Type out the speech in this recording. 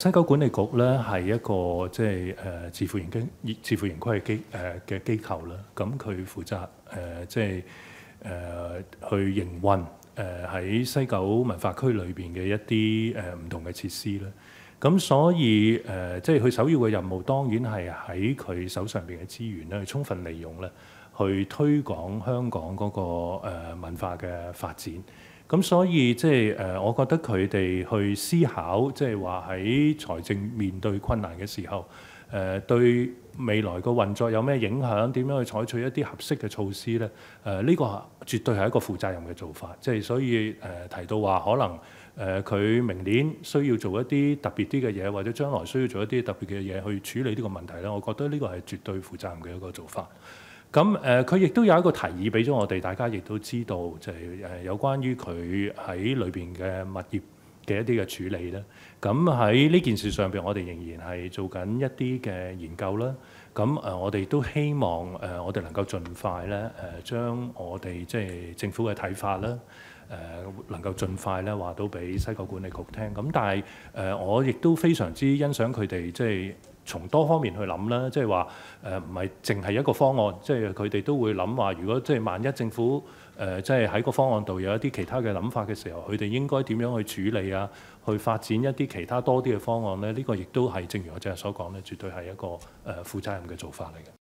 西九管理局咧係一個即係誒自負盈虧、自負盈虧嘅機誒嘅、呃、機構啦。咁佢負責誒即係誒去營運誒喺、呃、西九文化區裏邊嘅一啲誒唔同嘅設施啦。咁、呃、所以誒即係佢首要嘅任務，當然係喺佢手上邊嘅資源咧，去充分利用咧。去推廣香港嗰個誒文化嘅發展，咁所以即係誒，我覺得佢哋去思考，即係話喺財政面對困難嘅時候，誒、呃、對未來個運作有咩影響，點樣去採取一啲合適嘅措施咧，誒、呃、呢、這個絕對係一個負責任嘅做法，即、就、係、是、所以誒、呃、提到話可能誒佢、呃、明年需要做一啲特別啲嘅嘢，或者將來需要做一啲特別嘅嘢去處理呢個問題咧，我覺得呢個係絕對負責任嘅一個做法。咁誒，佢亦都有一個提議俾咗我哋，大家亦都知道，就係、是、誒有關於佢喺裏邊嘅物業嘅一啲嘅處理咧。咁喺呢件事上邊，我哋仍然係做緊一啲嘅研究啦。咁誒，我哋都希望誒，我哋能夠盡快咧誒，將我哋即係政府嘅睇法啦誒，能夠盡快咧話到俾西九管理局聽。咁但係誒，我亦都非常之欣賞佢哋即係。就是從多方面去諗啦，即係話誒唔係淨係一個方案，即係佢哋都會諗話，如果即係萬一政府誒即係喺個方案度有一啲其他嘅諗法嘅時候，佢哋應該點樣去處理啊？去發展一啲其他多啲嘅方案咧？呢個亦都係正如我今日所講咧，絕對係一個誒負責任嘅做法嚟嘅。